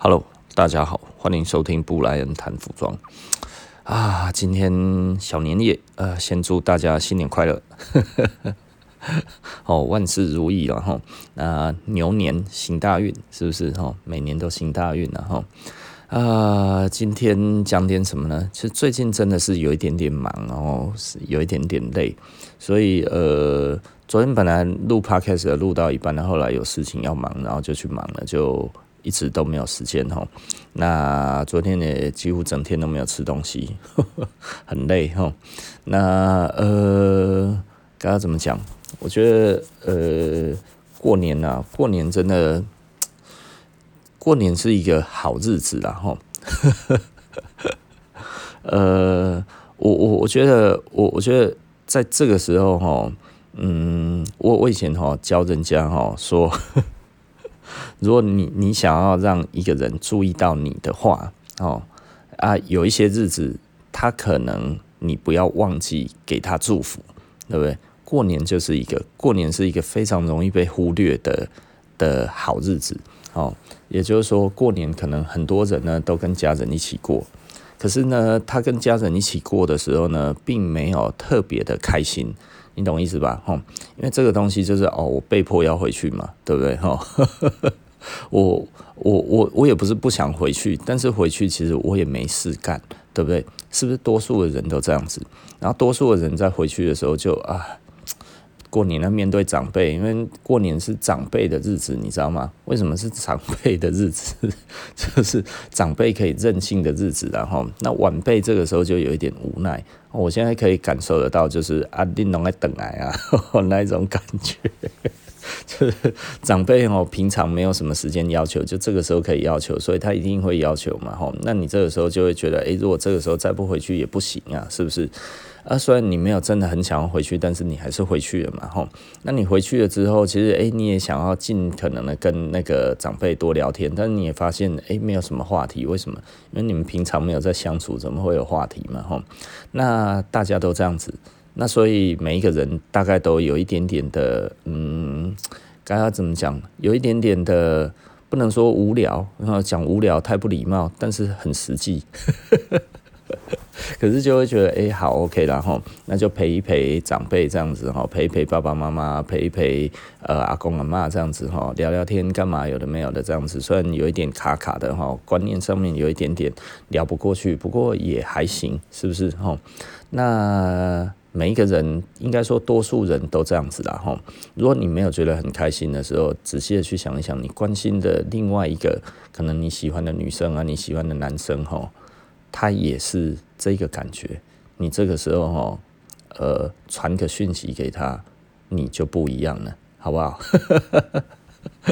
Hello，大家好，歡迎收聽布萊恩談服裝啊！今天小年夜，呃，先祝大家新年快樂， 哦，萬事如意了哈。啊，牛年行大運，是不是哈、哦？每年都行大運了、啊、哈。啊，今天講點什麼呢？其實最近真的是有一點點忙哦，然後是有一點點累，所以呃，昨天本來錄 podcast 的，錄到一半呢，然後，後來有事情要忙，然後就去忙了，就。一直都沒有時間哦，那昨天也幾乎整天都沒有吃東西，很累哦。那呃，剛剛怎麼講？我覺得呃，過年啊，過年真的，過年是一個好日子啦。吼。 呃，我我我覺得我我覺得在這個時候吼，嗯，我我以前吼教人家吼說。如果你你想要讓一個人注意到你的話，哦啊，有一些日子他可能你不要忘記給他祝福，對不對？過年就是一個過年是一個非常容易被忽略的的好日子哦。也就是說，過年可能很多人呢都跟家人一起過，可是呢他跟家人一起過的時候呢，並沒有特別的開心。你懂意思吧？哈，因為這個東西就是哦，我被迫要回去嘛，對不對？哈、哦，我我我我也不是不想回去，但是回去其實我也沒事幹，對不對？是不是多數的人都這樣子？然後多數的人在回去的時候就啊。過年呢，面對長輩，因為過年是長輩的日子，你知道嗎？為什麼是長輩的日子？就是長輩可以任性的日子啊，然後那晚輩這個時候就有一點無奈。我現在可以感受得到，就是阿定能在等來啊，呵呵那一種感覺。就是長輩哦、喔，平常沒有什麼時間要求，就這個時候可以要求，所以他一定會要求嘛吼。那你這個時候就會覺得，哎、欸，如果這個時候再不回去也不行啊，是不是？啊，雖然你沒有真的很想要回去，但是你還是回去了嘛吼。那你回去了之後，其實哎、欸，你也想要盡可能的跟那個長輩多聊天，但是你也發現哎、欸，沒有什麼話題，為什麼？因為你們平常沒有在相處，怎麼會有話題嘛吼？那大家都這樣子。那所以每一個人大概都有一點點的，嗯，該要怎麼講？有一點點的，不能說無聊，然後講無聊太不禮貌，但是很實際。 可是就會覺得，哎、欸，好 OK，然後那就陪一陪長輩這樣子哈，陪一陪爸爸媽媽，陪一陪呃阿公阿嬤這樣子哈，聊聊天幹嘛有的沒有的這樣子，雖然有一點卡卡的哈，觀念上面有一點點聊不過去，不過也還行，是不是哈？那。每一個人應該說，多數人都這樣子啦。哈。如果你沒有覺得很開心的時候，仔細的去想一想，你關心的另外一個可能你喜歡的女生啊，你喜歡的男生哈，他也是這個感覺。你這個時候哈，呃，傳個訊息給他，你就不一樣了，好不好？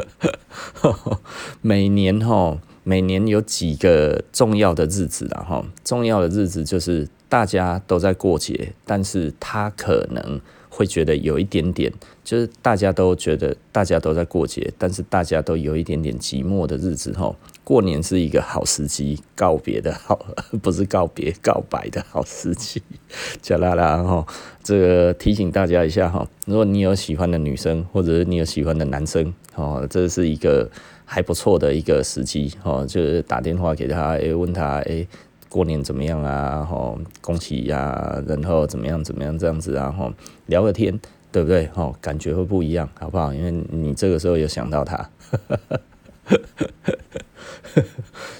每年哈，每年有幾個重要的日子了哈，重要的日子就是。大家都在過節，但是他可能會覺得有一點點，就是大家都覺得大家都在過節，但是大家都有一點點寂寞的日子吼。過年是一個好時機，告別的好，不是告別，告白的好時機。加拉拉哈，這個提醒大家一下哈，如果你有喜歡的女生，或者是你有喜歡的男生，哦，這是一個還不錯的一個時機哦，就是打電話給他，誒，問他，誒。過年怎麼樣啊？吼，恭喜呀，然後怎麼樣怎麼樣這樣子啊？吼，聊個天，對不對？吼，感覺會不一樣，好不好？因為你這個時候有想到他，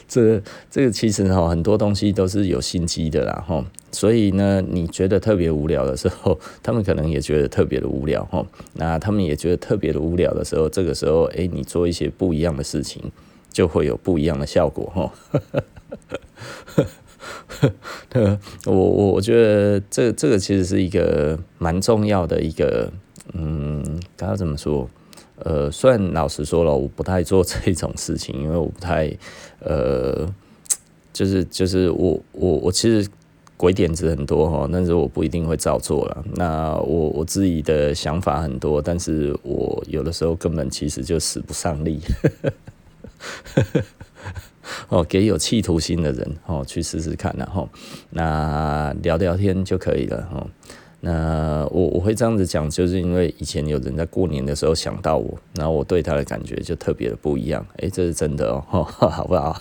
這個、這個其實吼，很多東西都是有心機的啦，吼。所以呢，你覺得特別無聊的時候，他們可能也覺得特別的無聊，吼。那他們也覺得特別的無聊的時候，這個時候，誒，你做一些不一樣的事情，就會有不一樣的效果，吼。呵呵呵呵， 我我我覺得這這個其實是一個蠻重要的一個，嗯，剛剛怎麼說？呃，雖然老實說了，我不太做這種事情，因為我不太，呃，就是就是我我我其實鬼點子很多哈，但是我不一定會照做啦。那我我自己的想法很多，但是我有的時候根本其實就使不上力。 哦，給有企圖心的人哦，去試試看，啊，然、哦、後那聊聊天就可以了哦。那我我會這樣子講，就是因為以前有人在過年的時候想到我，然後我對他的感覺就特別的不一樣。哎，欸，這是真的哦，哦，好不好？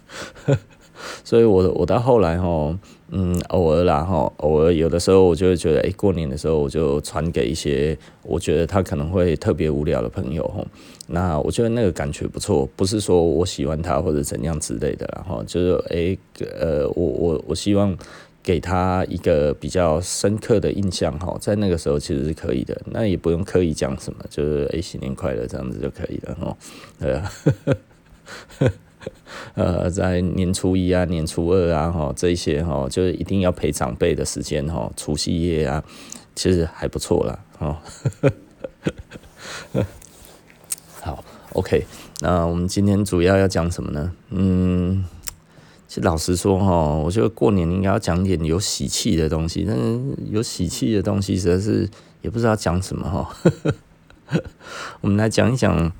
所以我我到後來哦。嗯，偶爾啦哈，偶爾有的時候我就會覺得，哎、欸，過年的時候我就傳給一些我覺得他可能會特別無聊的朋友哈，那我覺得那個感覺不錯，不是說我喜歡他或者怎樣之類的，然後就是哎、欸，呃，我我我希望給他一個比較深刻的印象哈，在那個時候其實是可以的，那也不用刻意講什麼，就是哎、欸，新年快樂這樣子就可以了哈，呃、啊。 呃，在年初一啊、年初二啊，哈，這些哈，就是一定要陪長輩的時間，哈，除夕夜啊，其實還不錯啦。哦， 好，OK，那我們今天主要要講什麼呢？嗯，其實老實說，哈，我覺得過年應該要講點有喜氣的東西，但是有喜氣的東西實在是也不知道講什麼吼，哈， 我們來講一講，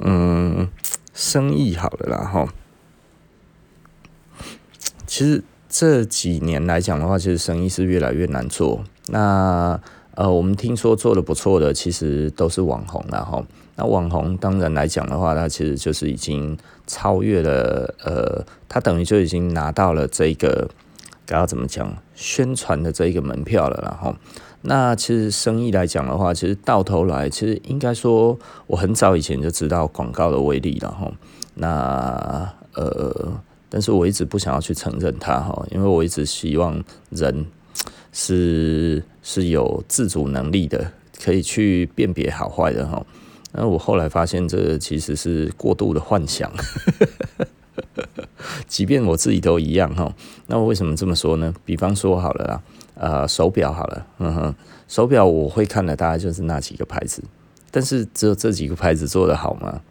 嗯，生意好了啦吼，哈。其實這幾年來講的話，其實生意是越來越難做。那呃，我們聽說做得不錯的，其實都是網紅了哈。那網紅當然來講的話，它其實就是已經超越了呃，它等於就已經拿到了這個該怎麼講宣傳的這一個門票了啦齁，然後那其實生意來講的話，其實到頭來，其實應該說我很早以前就知道廣告的威力了哈。那呃。但是我一直不想要去承認它哈，因為我一直希望人是是有自主能力的，可以去辨別好壞的哈。那我後來發現這其實是過度的幻想， 即便我自己都一樣哈。那我為什麼這麼說呢？比方說好了啦，啊、呃，手錶好了，嗯哼，手錶我會看的大概就是那幾個牌子。但是只有這幾個牌子做得好嗎？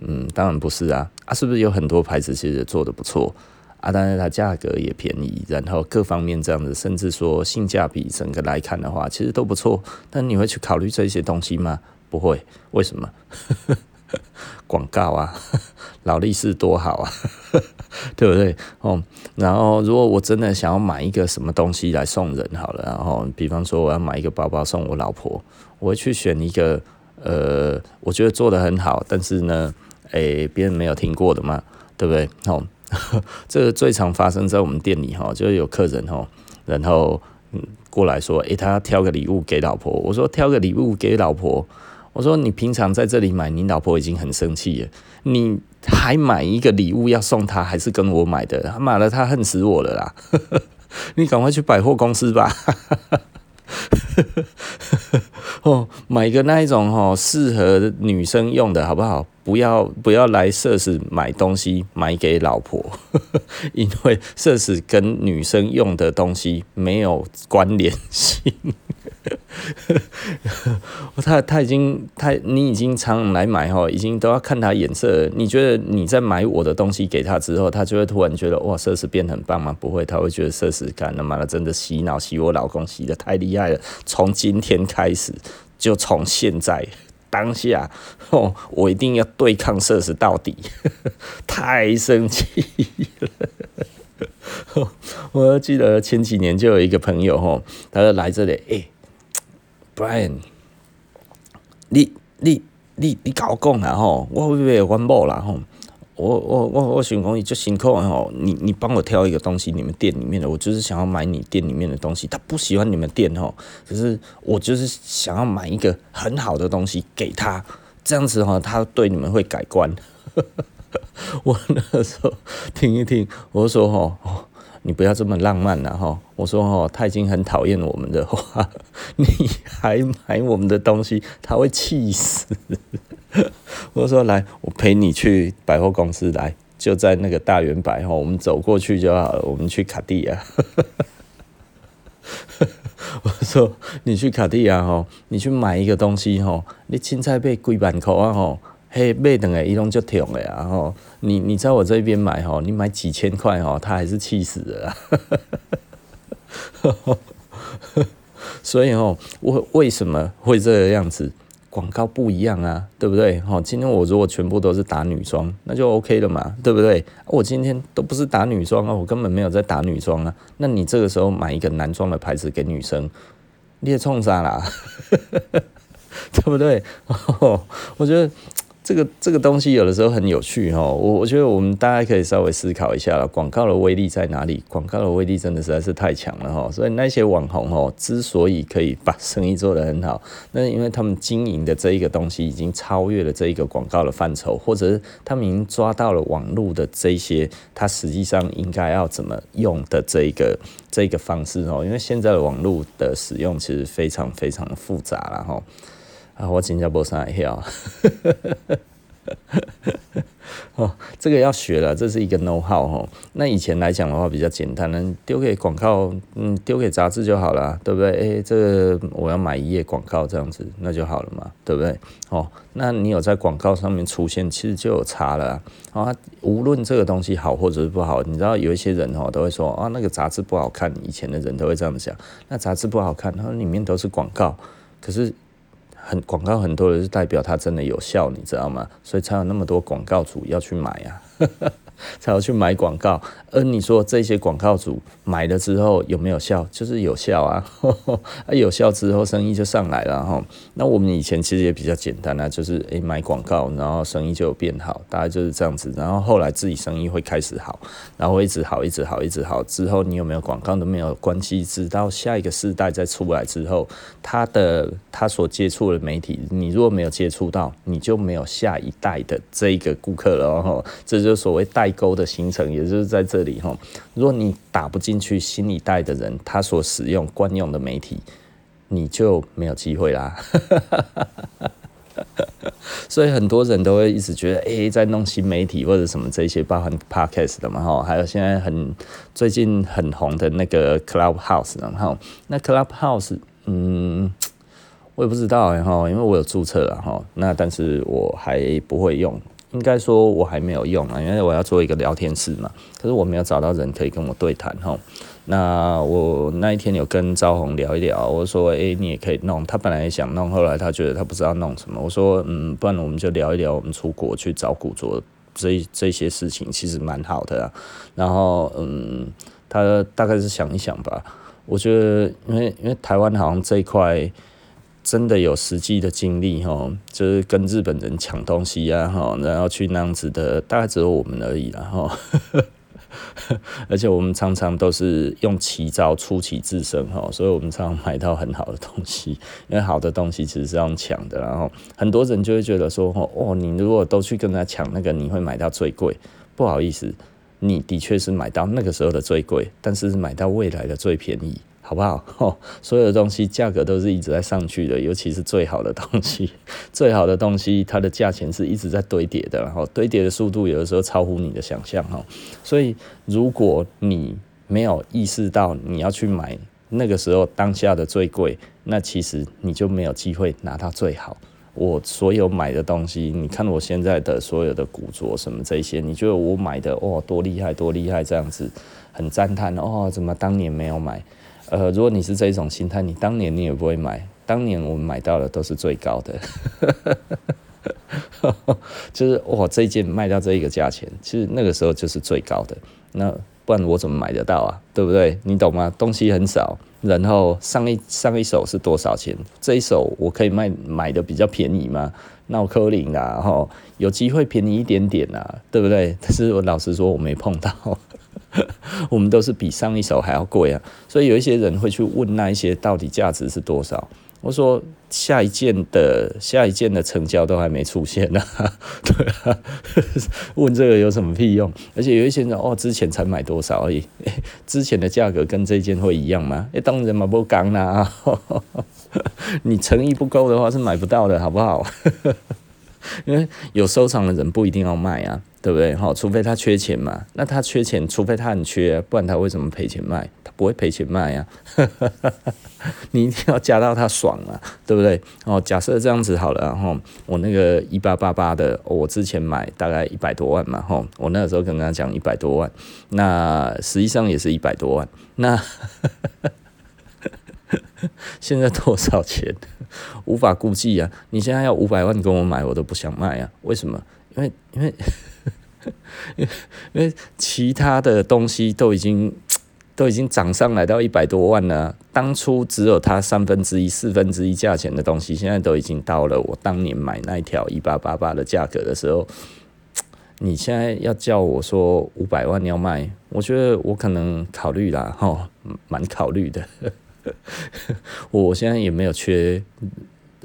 嗯，當然不是啊，啊，是不是有很多牌子其實做的不錯啊？但是它價格也便宜，然後各方面這樣子，甚至說性價比整個來看的話，其實都不錯。但你會去考慮這些東西嗎？不會，為什麼？ 廣告啊，勞 力士多好啊， 對不對？哦、嗯，然後如果我真的想要買一個什麼東西來送人好了，然後比方說我要買一個包包送我老婆，我會去選一個。呃，我覺得做得很好，但是呢，哎，別人沒有聽過的嘛，對不對？哦，這個最常發生在我們店裡哈、哦，就是有客人哈、哦，然後嗯，過來說，哎，他挑個禮物給老婆。我說挑個禮物給老婆，我說你平常在這裡買，你老婆已經很生氣了，你還買一個禮物要送她，還是跟我買的？他買了，他恨死我了啦！呵呵，你趕快去百貨公司吧。呵呵哦， 買個那一種喔，適合女生用的好不好？不要不要來奢侈買東西，買給老婆， 因為奢侈跟女生用的東西沒有關聯性。 他他已經他你已經常來買哈，已經都要看他眼色了。你覺得你在買我的東西給他之後，他就會突然覺得哇設施變很棒嗎？不會，他會覺得設施幹了，了嘛。的真的洗腦洗我老公洗得太厲害了。從今天開始，就從現在當下、哦，我一定要對抗設施到底， 太生氣了。 我記得前幾年就有一個朋友哦，他就來這裡哎。欸不然，你你你你甲我講啦吼，我要買阮某啦吼，我我我我想講你足辛苦吼，你你幫我挑一個東西，你們店裡面的，我就是想要買你店裡面的東西。他不喜歡你們店吼，可是我就是想要買一個很好的東西給他，這樣子吼，他對你們會改觀。 我那時候聽一聽，我就說吼。你不要這麼浪漫了，啊、哈！我說哈，他已經很討厭我們的話，你還買我們的東西，他會氣死。我說來，我陪你去百貨公司來，就在那個大遠百貨，我們走過去就好了。我們去卡地亞，啊。我說你去卡地亞哈，你去買一個東西哈，你青菜買幾萬塊啊，哈，嘿，啊，買兩個一攏就痛了。啊哈。你你在我這邊買哈，你買幾千塊哈，他還是氣死的，哈哈哈，哈哈，所以哦，為為什麼會這個樣子？廣告不一樣啊，對不對？哦，今天我如果全部都是打女裝，那就 OK 了嘛，對不對？我今天都不是打女裝啊，我根本沒有在打女裝啊。那你這個時候買一個男裝的牌子給女生，你也衝啥啦？哈哈，對不對？哦，我覺得。這個這個東西有的時候很有趣哈、哦，我我覺得我們大家可以稍微思考一下了，廣告的威力，在哪裡？廣告的威力真的實在是太強了哈、哦，所以那些網紅哦，之所以可以把生意做得很好，那是因為他們經營的這一個東西已經超越了這一個廣告的範疇，或者是他們已經抓到了網絡的這些，它實際上應該要怎麼用的這一個這個方式哦，因為現在的網絡的使用其實非常非常的複雜了哈、哦。啊，我今天坡上來好， 哦，這個要學了，這是一個 know how 吼、哦。那以前來講的話比較簡單，能丟給廣告，嗯，丟給雜誌就好了、啊，對不對？誒，這個、我要買一頁廣告這樣子，那就好了嘛，對不對？哦，那你有在廣告上面出現，其實就有差了啊。哦、無論這個東西好或者是不好，你知道有一些人哦，都會說啊、哦，那個雜誌不好看，以前的人都會這樣講。那雜誌不好看，它裡面都是廣告，可是很廣告很多人是代表它真的有效，你知道嗎？所以才有那麼多廣告主要去買呀、啊。 才要去買廣告，而你說這些廣告主買了之後有沒有效？就是有效啊，呵呵啊有效之後生意就上來了哈、啊。那我們以前其實也比較簡單啊，就是誒、欸，買廣告，然後生意就變好，大概就是這樣子。然後後來自己生意會開始好，然後會一直好，一直好，一直好之後，你有沒有廣告都沒有關係，直到下一個世代再出來之後，他的他所接觸的媒體，你如果沒有接觸到，你就沒有下一代的這一個顧客了哈、喔。這就是所謂代。溝的形成，也就是在這裡哈。如果你打不進去新一代的人，他所使用慣用的媒體，你就沒有機會啦。 所以很多人都會一直覺得，哎、欸，在弄新媒體或者什麼這些包含 Podcast 的嘛哈，還有現在很最近很紅的那個 Clubhouse，然後那 Clubhouse，嗯，我也不知道哈、欸，因為我有註冊了哈，那但是我還不會用。應該說，我還沒有用啊，因為我要做一個聊天室嘛。可是我沒有找到人可以跟我對談吼。那我那一天有跟趙紅聊一聊，我說：“哎、欸，你也可以弄。”他本來也想弄，後來他覺得他不知道弄什麼。我說：“嗯，不然我們就聊一聊，我們出國去找古着這這些事情，其實蠻好的、啊。”然後，嗯，他大概是想一想吧。我覺得因，因為因為台灣好像這一塊。真的有實際的經歷哈，就是跟日本人搶東西呀、啊、哈，然後去那樣子的，大概只有我們而已了哈。 而且我們常常都是用奇招出奇制勝哈，所以我們常常買到很好的東西，因為好的東西其實是用搶的。然後很多人就會覺得說哦，哦，你如果都去跟他搶那個，你會買到最貴。不好意思，你的確是買到那個時候的最貴，但是買到未來的最便宜。好不好？哦，所有的東西價格都是一直在上去的，尤其是最好的東西，最好的東西它的價錢是一直在堆疊的，然後堆疊的速度有的時候超乎你的想象哈。所以如果你沒有意識到你要去買那個時候當下的最貴，那其實你就沒有機會拿到最好。我所有買的東西，你看我現在的所有的古着什麼這些，你覺得我買的哦多厲害多厲害這樣子，很讚嘆哦，怎麼當年沒有買？呃，如果你是這一種心態，你當年你也不會買。當年我們買到的都是最高的， 就是哇，這件賣到這個價錢，其實那個時候就是最高的。那不然我怎麼買得到啊？對不對？你懂嗎？東西很少，然後上一上一手是多少錢？這一手我可以賣買的比較便宜嗎？鬧虧林啊，吼，有機會便宜一點點啊，對不對？但是我老實說，我沒碰到。 我們都是比上一手還要貴啊，所以有一些人會去問那一些到底價值是多少？我說下一件的下一件的成交都還沒出現呢、啊，對， 問這個有什麼屁用？而且有一些人說哦，之前才買多少而已，欸、之前的價格跟這件會一樣嗎？欸、當然買不剛啦、啊， 你誠意不夠的話是買不到的，好不好？ 因為有收藏的人不一定要賣啊，對不對？哈、哦，除非他缺錢嘛。那他缺錢，除非他很缺、啊，不然他為什麼賠錢賣？他不會賠錢賣呀、啊。 你一定要加到他爽啊，對不對？哦，假設這樣子好了、啊，哈，我那個一八八八的，我之前買大概一百多萬嘛，哈，我那個時候跟他講一百多萬，那實際上也是一百多萬，那。 現在多少錢？無法估計啊。你現在要五百萬跟我買，我都不想賣啊！為什麼？因為因為因為，因為其他的東西都已經都已經漲上來到一百多萬了。當初只有它三分之一、四分之一價錢的東西，現在都已經到了我當年買那條一八八八的價格的時候。你現在要叫我說五百萬要賣，我覺得我可能考慮啦，哦，蠻考慮的。我現在也沒有缺，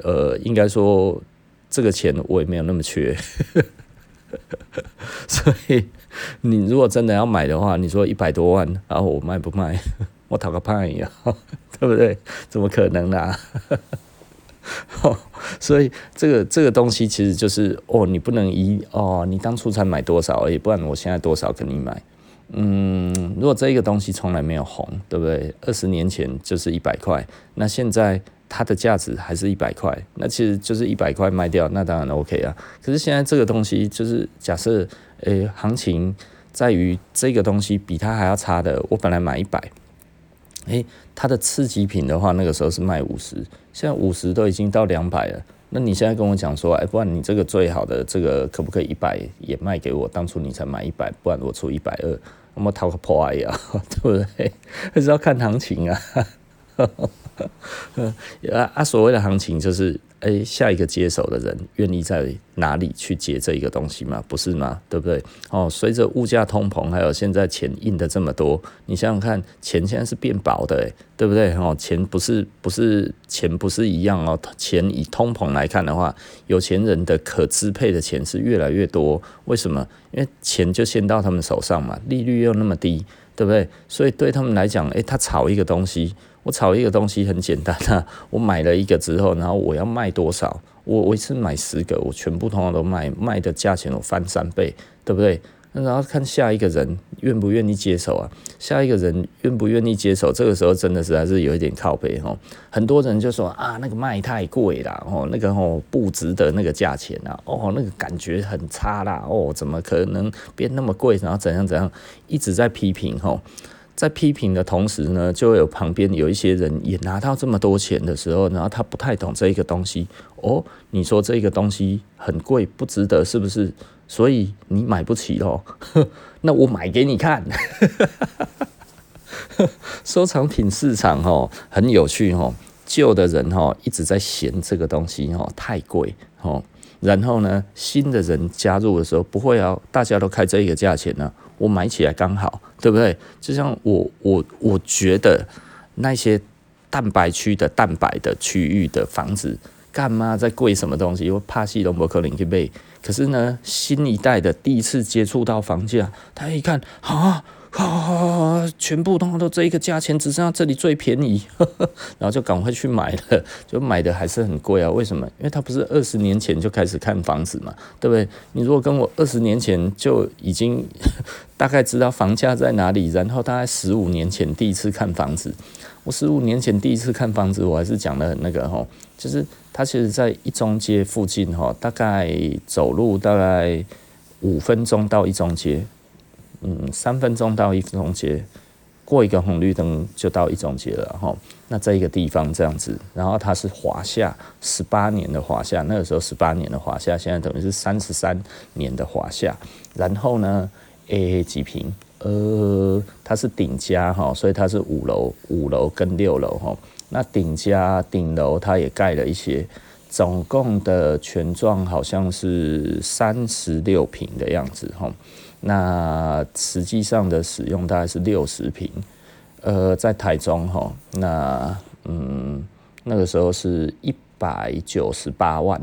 呃，應該說這個錢我也沒有那麼缺， 所以你如果真的要買的話，你說一百多萬，然後我賣不賣？我討個屁呀，對不對？怎麼可能呢、啊 哦，所以這個這個東西其實就是哦，你不能一哦，你當初才買多少而已，不然我現在多少肯定買。嗯，如果這個東西從來沒有紅，對不對？二十年前就是一百塊，那現在它的價值還是一百塊，那其實就是一百塊賣掉，那當然 OK 啊。可是現在這個東西就是假設，誒、欸，行情在於這個東西比它還要差的，我本來買一百，誒，它的次級品的話，那個時候是賣五十，現在五十都已經到兩百了。那你現在跟我講說，哎、欸，不然你這個最好的這個可不可以一百也賣給我？當初你才買一百，不然我出一百二。我們淘個破玩意啊，對不對？還是要看行情啊，啊 啊！所謂的行情就是。誒，下一個接手的人願意在哪裡去接這一個東西嗎？不是嗎？對不對？哦，隨着物價通膨，還有現在錢印的這麼多，你想想看，錢現在是變薄的，誒，對不對？哦，錢不是不是錢不是一樣哦。錢以通膨來看的話，有錢人的可支配的錢是越來越多。為什麼？因為錢就先到他們手上嘛，利率又那麼低，對不對？所以對他們來講，誒，他炒一個東西。我炒一個東西很簡單的、啊，我買了一個之後，然後我要賣多少？我我一次買十個，我全部通通都賣，賣的價錢我翻三倍，對不對？然後看下一個人願不願意接手啊？下一個人願不願意接手？這個時候真的實在是有一點靠北哦。很多人就說啊，那個賣太貴了哦，那個哦不值得那個價錢啊，哦那個感覺很差啦，哦怎麼可能變那麼貴？然後怎樣怎樣，一直在批評哦。在批評的同時呢，就有旁邊有一些人也拿到這麼多錢的時候，然後他不太懂這一個東西哦。你說這個東西很貴，不值得，是不是？所以你買不起哦。那我買給你看。 收藏品市場哦，很有趣哦。舊的人哦一直在嫌這個東西哦太貴哦，然後呢，新的人加入的時候不會哦，大家都開這個價錢呢、啊。我買起來剛好，對不對？就像我我我覺得那些蛋白區的蛋白的區域的房子，幹嘛再貴什麼東西？又怕系都不，可能去背。可是呢，新一代的第一次接觸到房價，他一看啊。好，全部通通都這一個價錢，只剩下這裡最便宜，呵呵，然後就趕快去買了，就買的還是很貴啊？為什麼？因為他不是二十年前就開始看房子嘛，對不對？你如果跟我二十年前就已經大概知道房價在哪裡，然後大概十五年前第一次看房子，我十五年前第一次看房子，我還是講的很那個哈，就是它其實在一中街附近哈，大概走路大概五分鐘到一中街，嗯，三分鐘到一中街，過一個紅綠燈就到一中街了，那這一個地方這樣子，然後它是華廈，十八年的華廈，那個時候十八年的華廈，現在等於是三十三年的華廈。然後呢，A A 幾坪，呃，它是頂加，所以它是五樓，五樓跟六樓，那頂加頂樓它也蓋了一些，總共的全幢，好像是三十六坪的樣子那實際上的使用大概是六十坪，呃，在台中哈，那嗯，那個時候是一百九十八萬，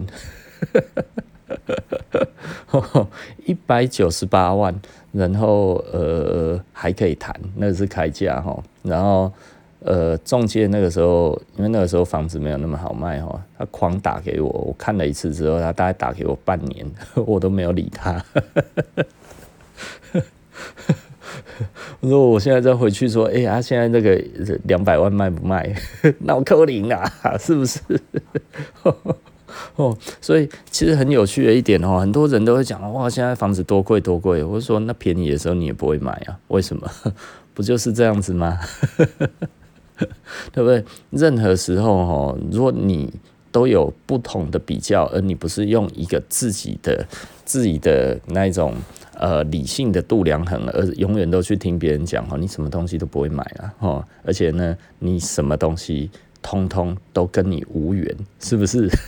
一百九十八萬，然後呃還可以談，那個是開價哈，然後呃中介那個時候，因為那個時候房子沒有那麼好賣哈，他狂打給我，我看了一次之後，他大概打給我半年，我都沒有理他。 我說，我現在再回去說，哎、欸、呀，啊、現在這個兩百萬賣不賣？鬧扣零啊，是不是？ 哦，所以其實很有趣的一點哦，很多人都會講，哇，現在房子多貴多貴，我就說那便宜的時候你也不會買啊？為什麼？不就是這樣子嗎？ 對不對？任何時候哦，如果你都有不同的比較，而你不是用一個自己的、自己的那一種呃理性的度量衡，而永遠都去聽別人講哈、喔，你什麼東西都不會買了、啊、哈，而且呢，你什麼東西通通都跟你無緣，是不是？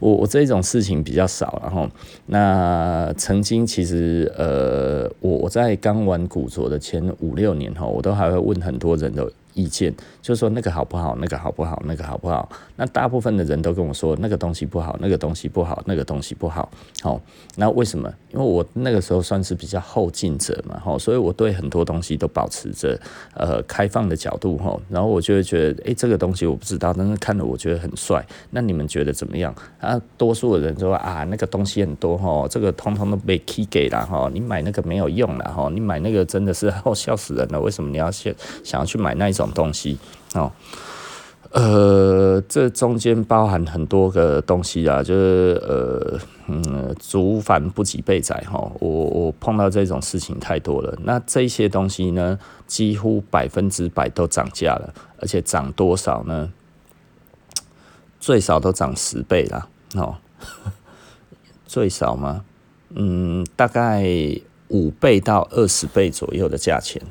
我我這種事情比較少，然後那曾經其實呃，我我在剛玩古着的前五六年哈，我都還會問很多人的。意見就是說那個好不好，那個好不好，那個好不好？那大部分的人都跟我說那個東西不好，那個東西不好，那個東西不好。好，那為什麼？因為我那個時候算是比較後進者嘛，吼，所以我對很多東西都保持着呃開放的角度，吼。然後我就會覺得，哎，這個東西我不知道，但是看了我覺得很帥。那你們覺得怎麼樣？啊，多數的人說啊，那個東西很多，吼，這個通通都被 K 給啦，吼，你買那個沒有用了，吼，你買那個真的是好、哦、笑死人了。為什麼你要先想要去買那一種？東西哦，呃，這中間包含很多個東西啊，就是呃，嗯，族繁不及備載。哈、哦，我我碰到這種事情太多了。那這些東西呢，幾乎百分之百都漲價了，而且漲多少呢？最少都漲十倍了哦， 最少嗎？嗯，大概五倍到二十倍左右的價錢。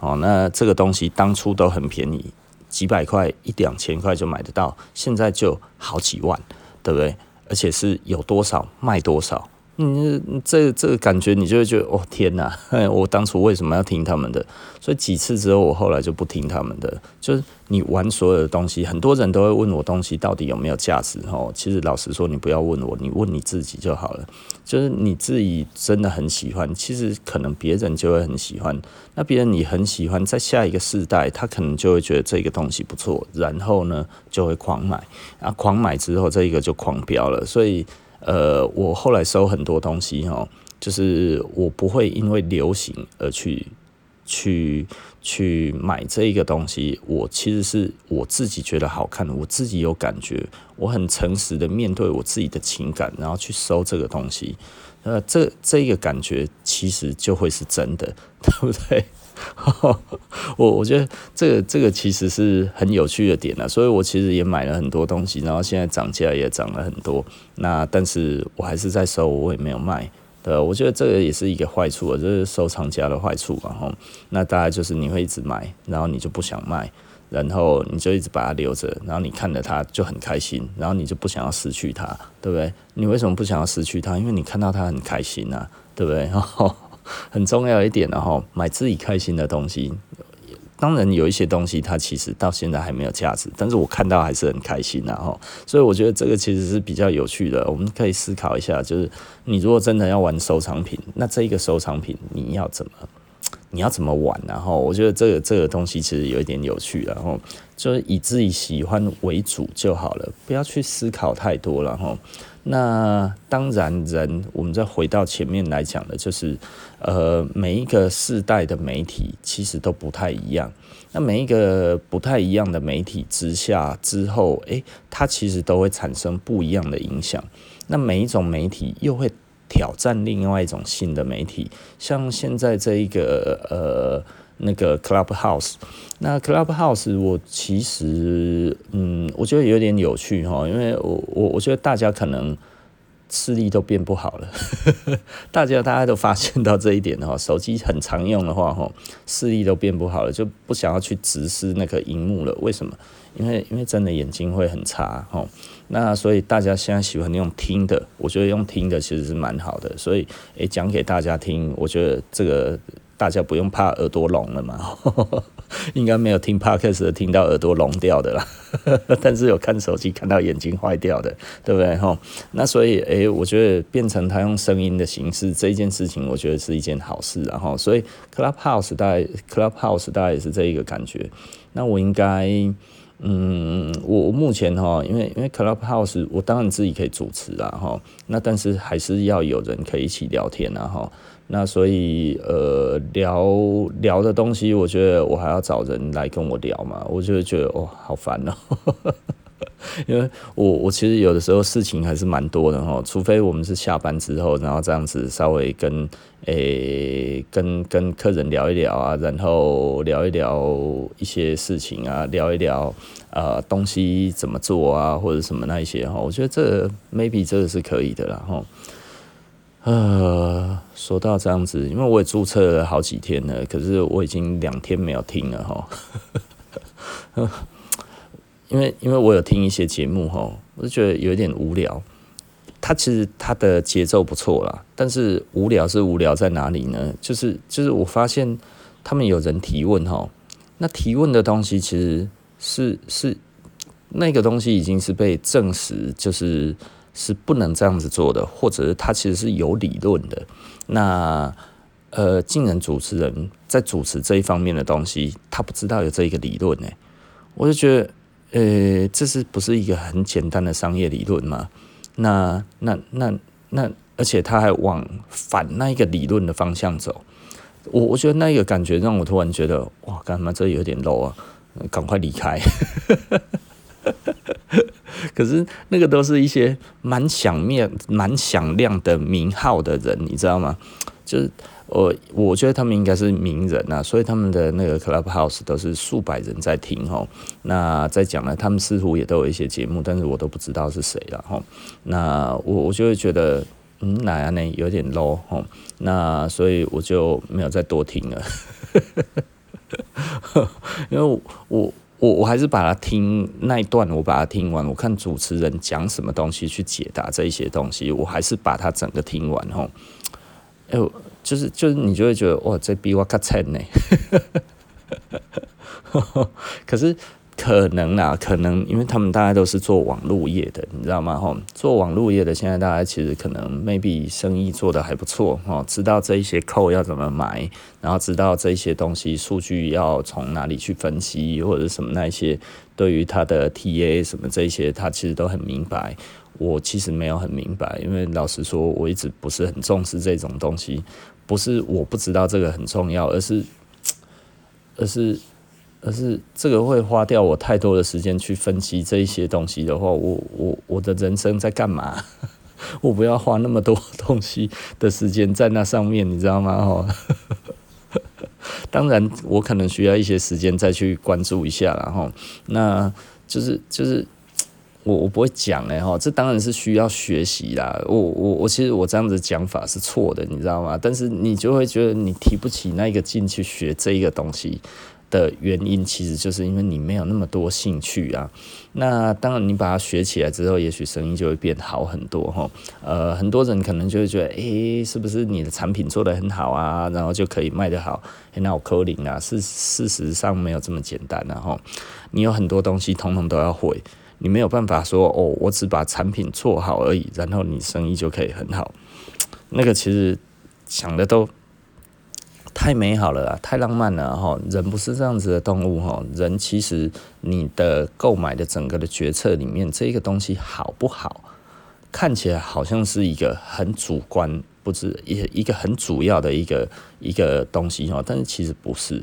哦，那這個東西當初都很便宜，幾百塊、一兩千塊就買得到，現在就好幾萬，對不對？而且是有多少賣多少。你、嗯、這個、這個、感覺，你就會覺得哦，天哪！我當初為什麼要聽他們的？所以幾次之後，我後來就不聽他們的。就是你玩所有的東西，很多人都會問我東西到底有沒有價值哦。其實老實說，你不要問我，你問你自己就好了。就是你自己真的很喜歡，其實可能別人就會很喜歡。那別人你很喜歡，在下一個世代，他可能就會覺得這個東西不錯，然後呢就會狂買啊，狂買之後，這一個就狂飆了，所以。呃，我後來收很多東西哦，就是我不會因為流行而去去去買這一個東西。我其實是我自己覺得好看，我自己有感覺，我很誠實的面對我自己的情感，然後去收這個東西。呃，這這個感覺其實就會是真的，對不對？ 我我覺得這個這個其實是很有趣的點呢，所以我其實也買了很多東西，然後現在漲價也漲了很多。那但是我還是在收，我也沒有賣。對吧，我覺得這個也是一個壞處、啊，就是收藏家的壞處、啊、然後那大概就是你會一直買，然後你就不想賣，然後你就一直把它留着，然後你看着它就很開心，然後你就不想要失去它，對不對？你為什麼不想要失去它？因為你看到它很開心吶、啊，對不對？呵呵很重要一點，然後買自己開心的東西。當然有一些東西它其實到現在還沒有價值，但是我看到還是很開心，然後所以我覺得這個其實是比較有趣的，我們可以思考一下，就是你如果真的要玩收藏品，那這一個收藏品你要怎麼，你要怎麼玩然後，我覺得這個這個東西其實有一點有趣啊，然後就是以自己喜歡為主就好了，不要去思考太多了哈。那當然人，我們再回到前面來講的就是。呃，每一個世代的媒體其實都不太一樣。那每一個不太一樣的媒體之下之後，誒，它其實都會產生不一樣的影響。那每一種媒體又會挑戰另外一種新的媒體，像現在這一個呃那個 Clubhouse。那 Clubhouse 我其實嗯，我覺得有點有趣哈，因為我我我覺得大家可能。視力都變不好了，大 家大家都發現到這一點的、喔、話，手機很常用的話、喔，吼，視力都變不好了，就不想要去直視那個熒幕了。為什麼？因為因為真的眼睛會很差、喔，哈，那所以大家現在喜歡用聽的，我覺得用聽的其實是蠻好的。所以，哎、欸，講給大家聽，我覺得這個大家不用怕耳朵聾了嘛。 應該沒有聽 Podcast 的，聽到耳朵聾掉的啦， 但是有看手機看到眼睛壞掉的，對不對吼？那所以誒、欸，我覺得變成他用聲音的形式這件事情，我覺得是一件好事齁，然後所以 Clubhouse 大概 Clubhouse 大概也是這一個感覺。那我應該。嗯，我我目前哈，因為因為 Clubhouse，我當然自己可以主持啦哈，那但是還是要有人可以一起聊天啦哈，那所以呃聊聊的東西，我覺得我還要找人來跟我聊嘛，我就會覺得哦，好煩哦。因為我我其實有的時候事情還是蠻多的哈，除非我們是下班之後，然後這樣子稍微跟誒、欸、跟跟客人聊一聊啊，然後聊一聊一些事情啊，聊一聊啊、呃、東西怎麼做啊，或者什麼那些哈，我覺得這 maybe 這個是可以的啦。哈。呃，說到這樣子，因為我也註冊了好幾天了，可是我已經兩天沒有聽了哈。 因為因為我有聽一些節目吼，我就覺得有點無聊。他其實他的節奏不錯啦，但是無聊是無聊在哪裡呢？就是就是我發現他們有人提問吼，那提問的東西其實是是那個東西已經是被證實，就是是不能這樣子做的，或者他其實是有理論的。那呃，竟然主持人在主持這一方面的東西，他不知道有這一個理論哎、欸，我就覺得。呃，這是不是一個很簡單的商業理論嗎？那、那、那、那，而且他還往反那一個理論的方向走。我我覺得那個感覺讓我突然覺得，哇，干嘛這裡有點 low 啊？趕快離開！ 可是那個都是一些蠻響面、蠻響亮的名號的人，你知道嗎？就是。我、呃、我覺得他們應該是名人吶、啊，所以他們的那個 club house 都是數百人在聽哦，那再講了，他們似乎也都有一些節目，但是我都不知道是誰了吼。那我我就會覺得，嗯，哪樣、啊、有點 low 哦。那所以我就沒有再多聽了， 因為我我我還是把它聽那一段，我把它聽完，我看主持人講什麼東西去解答這一些東西，我還是把它整個聽完吼。哎。欸就是就是，就是、你就會覺得哇，這比我卡菜呢。 可是可能啦、啊，可能，因為他們大家都是做網絡業的，你知道嗎？吼，做網絡業的，現在大家其實可能 maybe 生意做得還不錯，哦，知道這些扣要怎麼買，然後知道這些東西數據要從哪裡去分析，或者什麼那一些，對於他的 TA 什麼這些，他其實都很明白。我其實沒有很明白，因為老實說，我一直不是很重視這種東西。不是我不知道這個很重要，而是，而是，而是這個會花掉我太多的時間去分析這一些東西的話，我我我的人生在幹嘛？ 我不要花那麼多東西的時間在那上面，你知道嗎？哈， 當然，我可能需要一些時間再去關注一下了哈。那就是就是。我我不會講哎哈，這當然是需要學習啦。我我我其實我這樣子講法是錯的，你知道嗎？但是你就會覺得你提不起那一個勁去學這一個東西的原因，其實就是因為你沒有那麼多興趣啊。那當然你把它學起來之後，也許生意就會變好很多哈。呃，很多人可能就會覺得，誒、欸，是不是你的產品做得很好啊，然後就可以賣得好，很好扣零啊？事事實上沒有這麼簡單啊哈。你有很多東西統統都要會。你沒有辦法說哦，我只把產品做好而已，然後你生意就可以很好。那個其實想的都太美好了啦，太浪漫了哈、哦。人不是這樣子的動物哈、哦。人其實你的購買的整個的決策裡面，這一個東西好不好，看起來好像是一個很主觀，不是一一個很主要的一個一個東西哈、哦。但是其實不是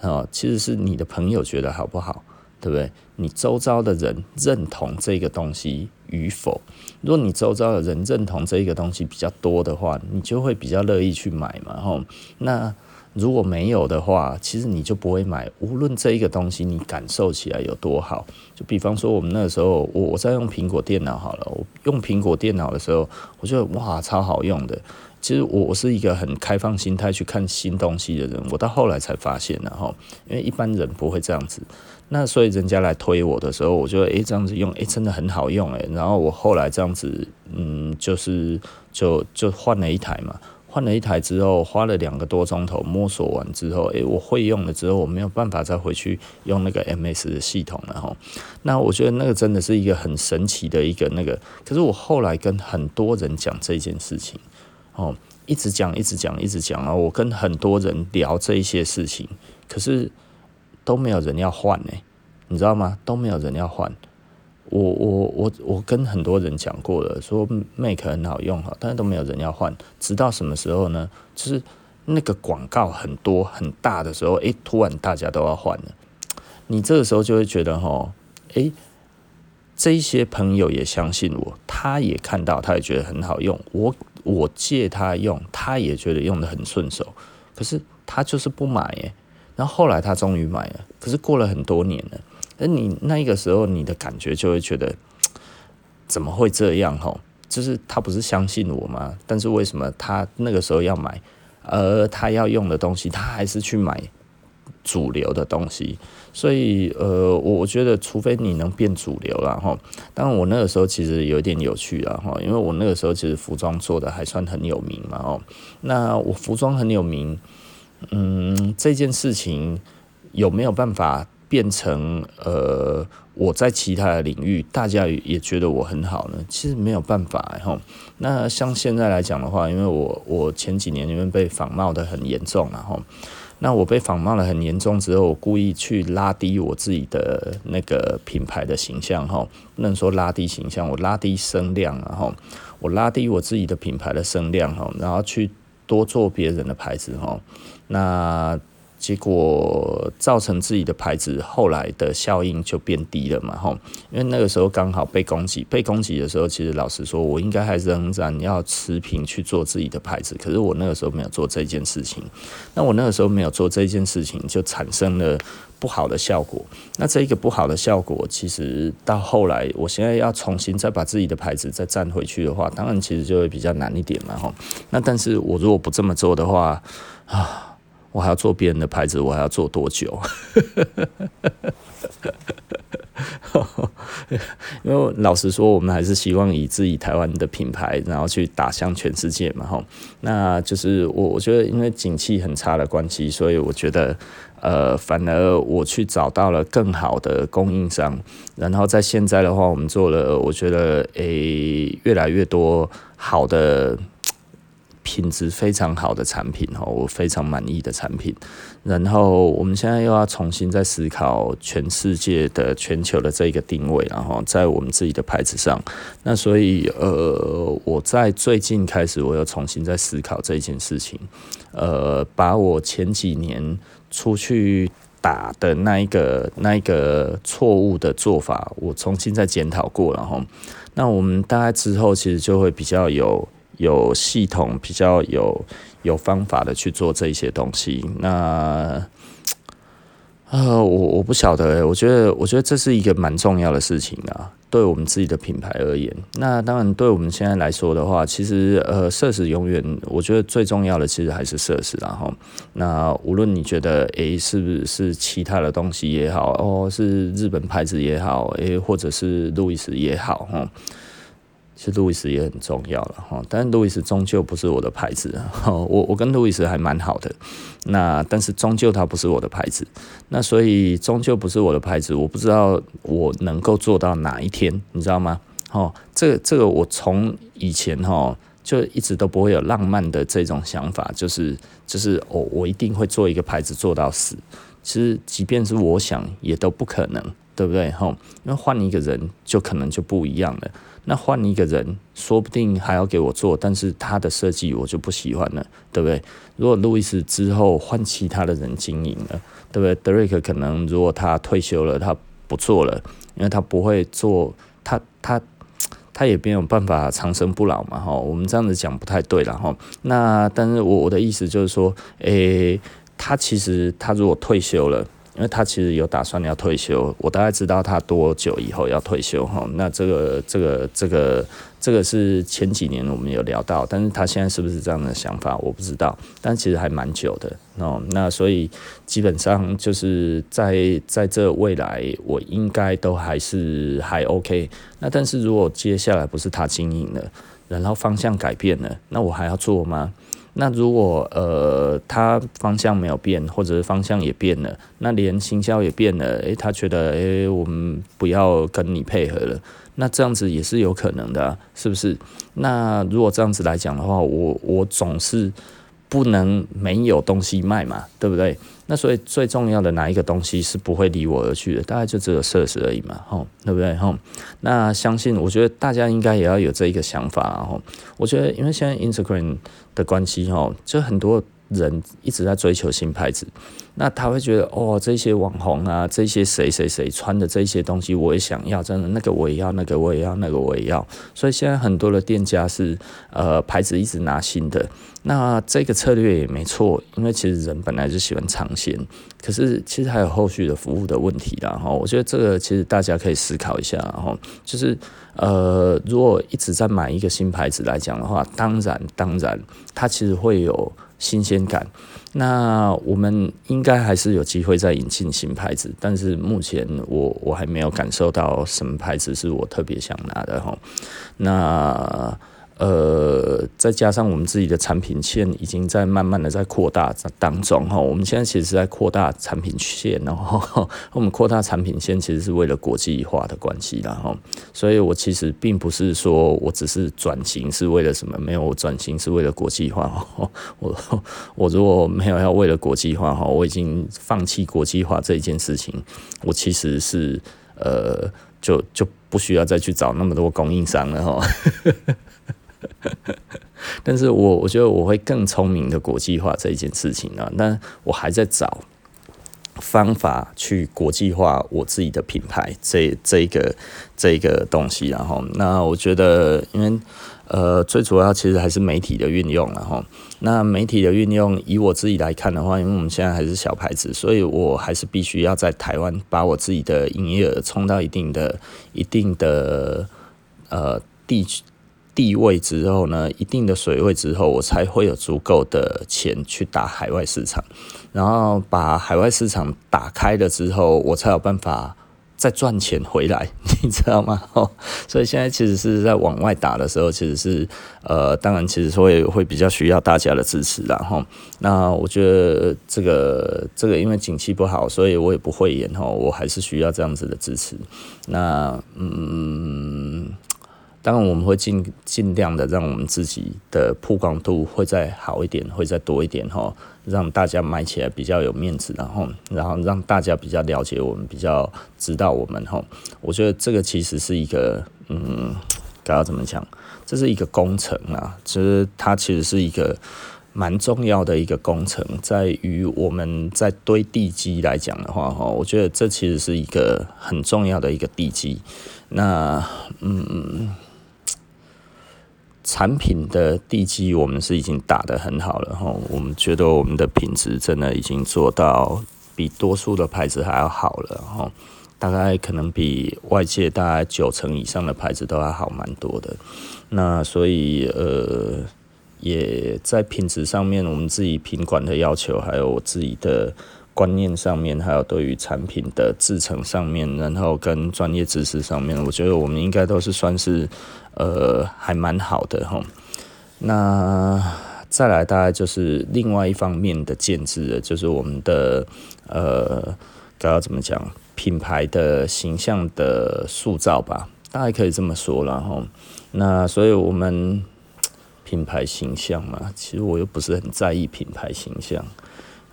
啊、哦，其實是你的朋友覺得好不好，對不對？你周遭的人認同這個東西與否？如果你周遭的人認同這個東西比較多的話，你就會比較樂意去買嘛，哈，那如果沒有的話，其實你就不會買。無論這一個東西你感受起來有多好，就比方說我們那時候，我我在用蘋果電腦好了，我用蘋果電腦的時候，我覺得哇，超好用的。其實我我是一個很開放心態去看新東西的人，我到後來才發現了哈，因為一般人不會這樣子。那所以人家來推我的時候，我覺得、欸、這樣子用誒、欸、真的很好用誒、欸。然後我後來這樣子，嗯，就是就就換了一台嘛，換了一台之後，花了兩個多鐘頭摸索完之後，誒、欸、我會用了之後，我沒有辦法再回去用那個 MS 的系統了。齁，那我覺得那個真的是一個很神奇的一個那個。可是我後來跟很多人講這件事情，哦，一直講，一直講，一直講啊。我跟很多人聊這一些事情，可是。都沒有人要換呢、欸，你知道嗎？都沒有人要換。我我我我跟很多人講過了，說 Mac 很好用哈，但是都沒有人要換。直到什麼時候呢？就是那個廣告很多很大的時候，誒、欸，突然大家都要換了。你這個時候就會覺得齁，誒、欸，這些朋友也相信我，他也看到，他也覺得很好用。我我借他用，他也覺得用得很順手，可是他就是不買、欸然後後來他終於買了，可是過了很多年了，而你那一個時候，你的感覺就會覺得，怎麼會這樣哈？就是他不是相信我嗎？但是為什麼他那個時候要買，而、呃、他要用的東西，他還是去買主流的東西？所以呃，我覺得，除非你能變主流了哈。當然，我那個時候其實有點有趣了哈，因為我那個時候其實服裝做的還算很有名嘛哦。那我服裝很有名。嗯，這件事情有沒有辦法變成呃，我在其他的領域，大家也覺得我很好呢？其實沒有辦法吼，那像現在來講的話，因為我我前幾年因為被仿冒的很嚴重嘛吼，那我被仿冒的很嚴重之後，我故意去拉低我自己的那個品牌的形象吼，不能說拉低形象，我拉低聲量啊、吼、然後我拉低我自己的品牌的聲量吼，然後去多做別人的牌子吼。那結果造成自己的牌子後來的效應就變低了嘛？吼，因為那個時候剛好被攻擊，被攻擊的時候，其實老實說，我應該還是仍然要持平去做自己的牌子，可是我那個時候沒有做這件事情。那我那個時候沒有做這件事情，就產生了不好的效果。那這一個不好的效果，其實到後來，我現在要重新再把自己的牌子再站回去的話，當然其實就會比較難一點嘛？吼。那但是我如果不這麼做的話，啊。我還要做別人的牌子，我還要做多久？ 因為老實說，我們還是希望以自己台灣的品牌，然後去打向全世界嘛。哈，那就是我，我覺得因為景氣很差的關係，所以我覺得，呃，反而我去找到了更好的供應商。然後在現在的話，我們做了，我覺得，誒、欸，越來越多好的。品質非常好的產品哦，我非常滿意的產品。然後我們現在又要重新再思考全世界的全球的這個定位，然後在我們自己的牌子上。那所以呃，我在最近開始我又重新在思考這件事情，呃，把我前幾年出去打的那一個那一個錯誤的做法，我重新再檢討過了哈。那我們大概之後其實就會比較有。有系統、比較有有方法的去做這些東西，那呃，我我不曉得、欸，我覺得，我覺得這是一個蠻重要的事情啊，對我們自己的品牌而言。那當然，對我們現在來說的話，其實呃，奢侈永遠，我覺得最重要的其實還是奢侈，然後那無論你覺得誒、欸、是不是是其他的東西也好，哦，是日本牌子也好，誒、欸，或者是路易斯也好，哈。其實路易斯也很重要了哈，但是路易斯終究不是我的牌子。我我跟路易斯還蠻好的，那但是終究他不是我的牌子，那所以終究不是我的牌子。我不知道我能夠做到哪一天，你知道嗎？哦，這個、這個我從以前哈就一直都不會有浪漫的這種想法，就是就是我、哦、我一定會做一個牌子做到死。其實即便是我想，也都不可能。對不對？哈，那換一個人就可能就不一樣了。那換一個人，說不定還要給我做，但是他的設計我就不喜歡了，對不對？如果路易斯之後換其他的人經營了，對不對？德瑞克可能如果他退休了，他不做了，因為他不會做，他他他也沒有辦法長生不老嘛，哈。我們這樣子講不太對了，哈。那但是我我的意思就是說，誒，他其實他如果退休了。因為他其實有打算要退休，我大概知道他多久以後要退休哈。那這個、這個、這個、這個是前幾年我們有聊到，但是他現在是不是這樣的想法，我不知道。但其實還蠻久的哦。那所以基本上就是在在這未來，我應該都還是還 OK。那但是如果接下來不是他經營了，然後方向改變了，那我還要做嗎？那如果呃，他方向沒有變，或者是方向也變了，那連行銷也變了，誒，他覺得誒，我們不要跟你配合了，那這樣子也是有可能的，啊，是不是？那如果這樣子來講的話，我我總是不能沒有東西賣嘛，對不對？那所以最重要的哪一個東西是不會離我而去的，大概就只有設施而已嘛，吼、哦，對不對？吼、哦，那相信我覺得大家應該也要有這一個想法，啊，吼、哦，我覺得因為現在 Instagram 的關係，吼，就很多人一直在追求新牌子，那他會覺得哦，這些網紅啊，這些誰誰誰穿的這些東西我也想要，真的那個我也要，那個我也要，那個我也要。所以現在很多的店家是呃牌子一直拿新的，那這個策略也沒錯，因為其實人本來就喜歡嘗鮮。可是其實還有後續的服務的問題啦哈。我覺得這個其實大家可以思考一下哈，就是呃如果一直在買一個新牌子來講的話，當然當然，它其實會有。新鮮感，那我們應該還是有機會再引進新牌子，但是目前我我還沒有感受到什麼牌子是我特別想拿的哈，那。呃，再加上我們自己的產品線已經在慢慢的在擴大當中哈，我們現在其實是在擴大產品線，然後我們擴大產品線其實是為了國際化的關係啦哈，所以我其實並不是說我只是轉型是為了什麼，沒有轉型是為了國際化哈，我我如果沒有要為了國際化哈，我已經放棄國際化這一件事情，我其實是呃，就就不需要再去找那麼多供應商了哈。呵呵 但是我，我我覺得我會更聰明的國際化這一件事情呢、啊。那我還在找方法去國際化我自己的品牌，這這個這個東西、啊。然後，那我覺得，因為呃，最主要其實還是媒體的運用了、啊、哈。那媒體的運用，以我自己來看的話，因為我們現在還是小牌子，所以我還是必須要在台灣把我自己的營業額衝到一定的、一定的呃地地位之後呢，一定的水位之後，我才會有足夠的錢去打海外市場，然後把海外市場打開了之後，我才有辦法再賺錢回來，你知道嗎？哦，所以現在其實是在往外打的時候，其實是呃，當然其實會會比較需要大家的支持啦，然後那我覺得這個這個因為景氣不好，所以我也不會演哦，我還是需要這樣子的支持，那嗯。當然，我們會盡盡量的讓我們自己的曝光度會再好一點，會再多一點哈，讓大家買起來比較有面子，然後，然後讓大家比較了解我們，比較知道我們哈。我覺得這個其實是一個，嗯，該要怎麼講？這是一個工程啊，其實它其實是一個蠻重要的一個工程，在於我們在堆地基來講的話哈，我覺得這其實是一個很重要的一個地基。那，嗯嗯。產品的地基，我們是已經打得很好了哈。我們覺得我們的品質真的已經做到比多數的牌子還要好了哈。大概可能比外界大概九成以上的牌子都還好蠻多的。那所以呃，也在品質上面，我們自己品管的要求，還有我自己的觀念上面，還有對於產品的製程上面，然後跟專業知識上面，我覺得我們應該都是算是。呃，還蠻好的齁。那再來，大概就是另外一方面的建制，就是我們的呃，剛剛怎麼講？品牌的形象的塑造吧，大概可以這麼說啦齁。那所以我們品牌形象嘛，其實我又不是很在意品牌形象，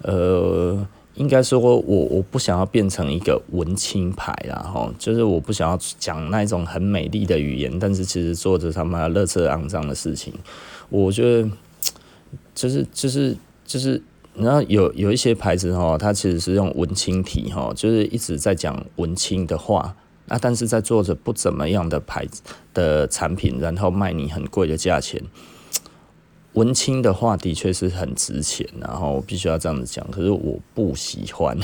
呃。應該說我，我我不想要變成一個文青牌啦，吼，就是我不想要講那種很美麗的語言，但是其實做着他媽的垃圾骯髒的事情。我覺得，就是就是就是，然後有有一些牌子哈，它其實是用文青體哈，就是一直在講文青的話，那、啊、但是在做着不怎麼樣的牌子的產品，然後賣你很貴的價錢。文青的話的確是很值錢，然後我必須要這樣子講。可是我不喜歡，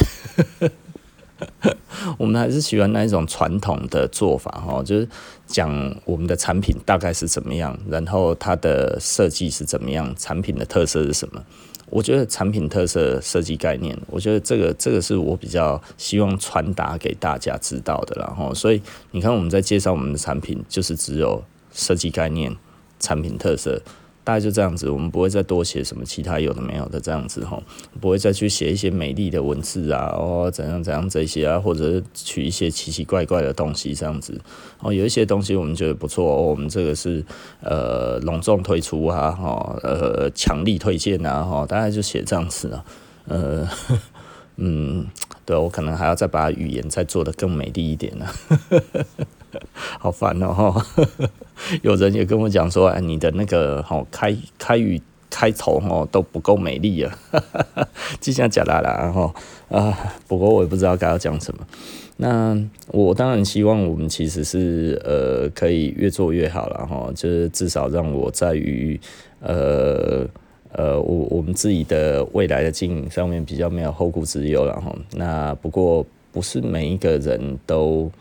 我們還是喜歡那一種傳統的做法，哈，就是講我們的產品大概是怎麼樣，然後它的設計是怎麼樣，產品的特色是什麼？我覺得產品特色設計概念，我覺得這個這個是我比較希望傳達給大家知道的。然後，所以你看我們在介紹我們的產品，就是只有設計概念、產品特色。大概就這樣子，我們不會再多寫什麼其他有的沒有的這樣子哈，不會再去寫一些美麗的文字啊，哦怎樣怎樣這些啊，或者是取一些奇奇怪怪的東西這樣子。哦，有一些東西我們覺得不錯哦，我們這個是呃隆重推出啊哈、哦，呃強力推薦啊哈、哦，大概就寫這樣子啊，呃嗯，對我可能還要再把語言再做得更美麗一點呢、啊。呵呵 好煩哦！哈，有人也跟我講說，哎、欸，你的那個哦開開語開頭哦都不夠美麗啊，就像假拉拉哈。啊，不過我也不知道該要講什麼。那我當然希望我們其實是呃可以越做越好了哈，就是至少讓我在於呃呃我我們自己的未來的經營上面比較沒有後顧之憂了哈。那不過不是每一個人都。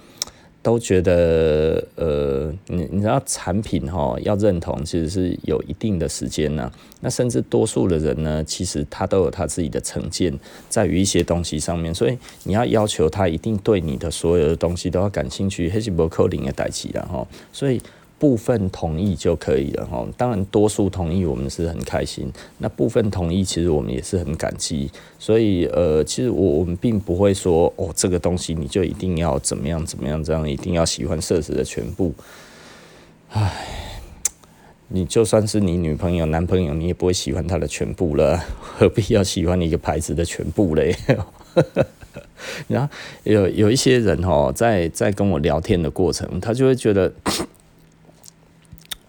都覺得呃，你你知道產品哈、喔、要認同，其實是有一定的時間呢、啊。那甚至多數的人呢，其實他都有他自己的成見，在於一些東西上面。所以你要要求他一定對你的所有的東西都要感興趣，那是不可能的代誌啦，齁。所以，部分同意就可以了哈，當然多數同意我們是很開心。那部分同意其實我們也是很感激，所以呃，其實我我們並不會說哦，這個東西你就一定要怎麼樣怎麼樣，這樣一定要喜歡 THURS 的全部。哎，你就算是你女朋友男朋友，你也不會喜歡他的全部了，何必要喜歡一個牌子的全部嘞？然 後有有一些人哦，在在跟我聊天的過程，他就會覺得。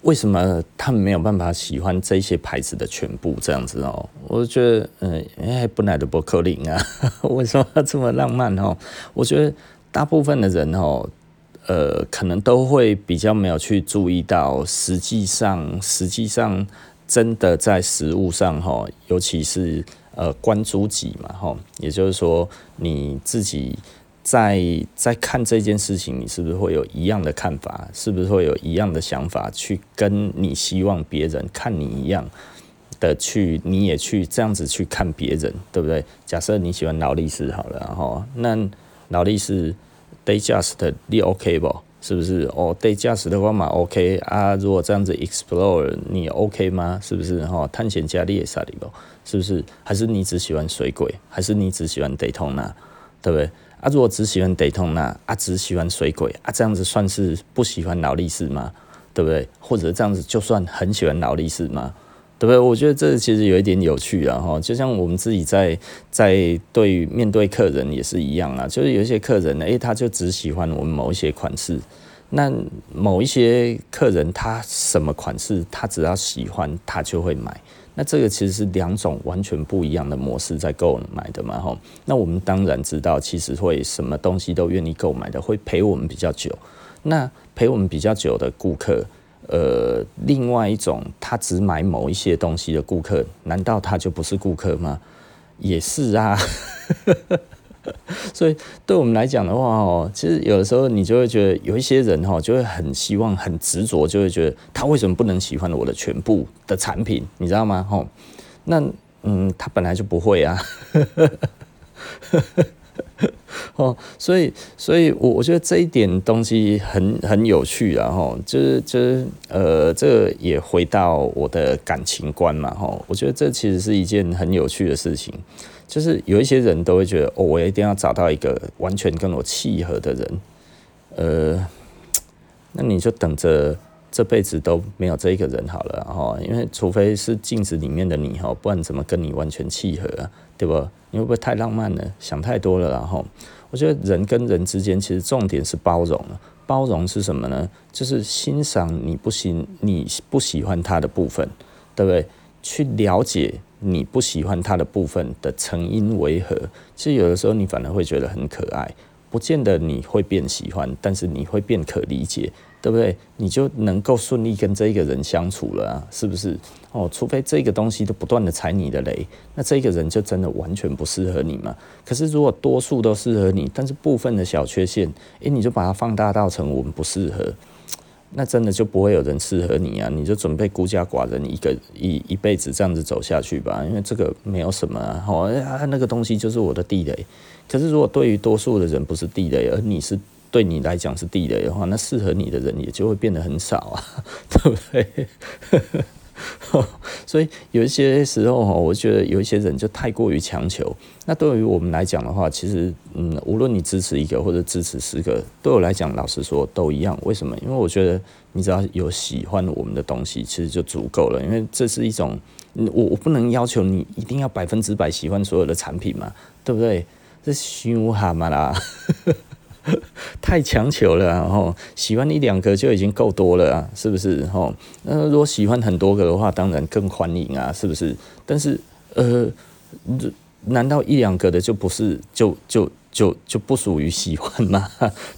為什麼他們沒有辦法喜歡這些牌子的全部這樣子哦？我覺得，嗯、呃，哎，布奈德伯克林啊呵呵，為什麼要這麼浪漫哦？我覺得大部分的人哦，呃，可能都會比較沒有去注意到，實際上，實際上真的在食物上哈、哦，尤其是呃，關注己嘛哈、哦，也就是說你自己。在在看這件事情，你是不是會有一樣的看法？是不是會有一樣的想法去跟你希望別人看你一樣的去，你也去這樣子去看別人，對不對？假設你喜歡勞力士好了，哈、哦，那勞力士 Datejust 你 OK 不？是不是？哦，oh，Datejust 的話嘛 OK 啊。如果這樣子 Explorer 你 OK 嗎？是不是？哈、哦，探險家你也上里不？是不是？還是你只喜歡水鬼？還是你只喜歡 Daytona？對不對？啊，如果只喜歡 Daytona，啊，那啊只喜歡水鬼，啊這樣子算是不喜歡勞力士嗎？對不對？或者這樣子就算很喜歡勞力士嗎？對不對？我覺得這其實有一點有趣了，啊、哈。就像我們自己在在對於面對客人也是一樣啊，就是有一些客人誒、欸，他就只喜歡我們某一些款式，那某一些客人他什麼款式他只要喜歡他就會買。那這個其實是兩種完全不一樣的模式在購買的嘛，吼。那我們當然知道，其實會什麼東西都願意購買的，會陪我們比較久。那陪我們比較久的顧客，呃，另外一種他只買某一些東西的顧客，難道他就不是顧客嗎？也是啊。 所以，對我們來講的話，哦，其實有的時候你就會覺得有一些人，哈，就會很希望、很執着，就會覺得他為什麼不能喜歡我的全部的產品，你知道嗎？那嗯，他本來就不會啊。哦， 所以，所以，我我覺得這一點東西很很有趣啊，哈，就是，就是就是呃，這個也回到我的感情觀嘛，哈，我覺得這其實是一件很有趣的事情。就是有一些人都會覺得，哦，我一定要找到一個完全跟我契合的人，呃，那你就等着這輩子都沒有這一個人好了，哈，因為除非是鏡子裡面的你，哈，不然怎麼跟你完全契合啊？對不？你會不會太浪漫了？想太多了，然後我覺得人跟人之間其實重點是包容，包容是什麼呢？就是欣賞你不行，你不喜歡他的部分，對不對？去了解。你不喜歡他的部分的成因為何？其實有的時候你反而會覺得很可愛，不見得你會變喜歡，但是你會變可理解，對不對？你就能夠順利跟這個人相處了啊，是不是？哦，除非這個東西都不斷地踩你的雷，那這個人就真的完全不適合你嘛。可是如果多數都適合你，但是部分的小缺陷，誒，你就把它放大到成我們不適合。那真的就不會有人適合你啊！你就準備孤家寡人一個一一輩子這樣子走下去吧，因為這個沒有什麼啊，啊那個東西就是我的地雷。可是如果對於多數的人不是地雷，而你是對你來講是地雷的話，那適合你的人也就會變得很少啊， 對不對？ 所以有一些時候哈，我覺得有一些人就太過於強求。那對於我們來講的話，其實嗯，無論你支持一個或者支持十個，對我來講，老實說都一樣。為什麼？因為我覺得你只要有喜歡我們的東西，其實就足夠了。因為這是一種，我我不能要求你一定要百分之百喜歡所有的產品嘛，對不對？這是虛無哈嘛啦。 太強求了啊，然後喜歡一兩個就已經夠多了啊，是不是？吼，那如果喜歡很多個的話，當然更歡迎啊，是不是？但是，呃，難道一兩個的就不是就就就就不屬於喜歡嗎？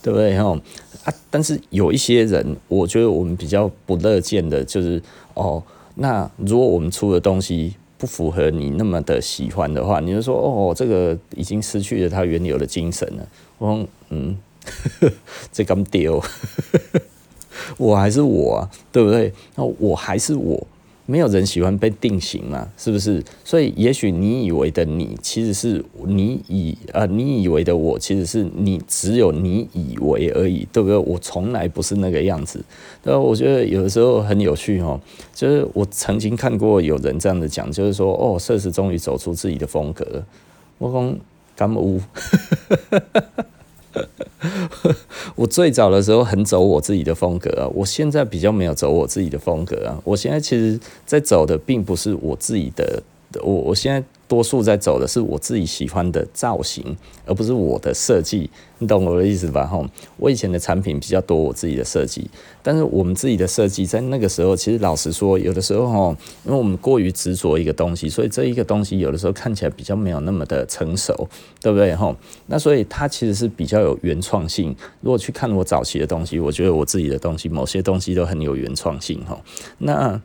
對不對？吼啊！但是有一些人，我覺得我們比較不樂見的，就是哦，那如果我們出的東西不符合你那麼的喜歡的話，你就說哦，這個已經失去了它原有的精神了，我。嗯，呵呵，這甘丟， 我還是我啊，對不對？那我還是我，沒有人喜歡被定型嘛，是不是？所以，也許你以為的你，其實是你以啊、呃，你以為的我，其實是你只有你以為而已，對不對？我從來不是那個樣子。呃、啊，我覺得有的時候很有趣哦，就是我曾經看過有人這樣子講，就是說，哦，THURS 終於走出自己的風格，我講甘污。 我最早的時候很走我自己的風格啊，我現在比較沒有走我自己的風格啊，我現在其實在走的並不是我自己的，我我現在。多數在走的是我自己喜歡的造型，而不是我的設計，你懂我的意思吧？吼，我以前的產品比較多我自己的設計，但是我們自己的設計在那個時候，其實老實說，有的時候吼，因為我們過於執着一個東西，所以這一個東西有的時候看起來比較沒有那麼的成熟，對不對？吼，那所以它其實是比較有原創性。如果去看我早期的東西，我覺得我自己的東西，某些東西都很有原創性。吼，那。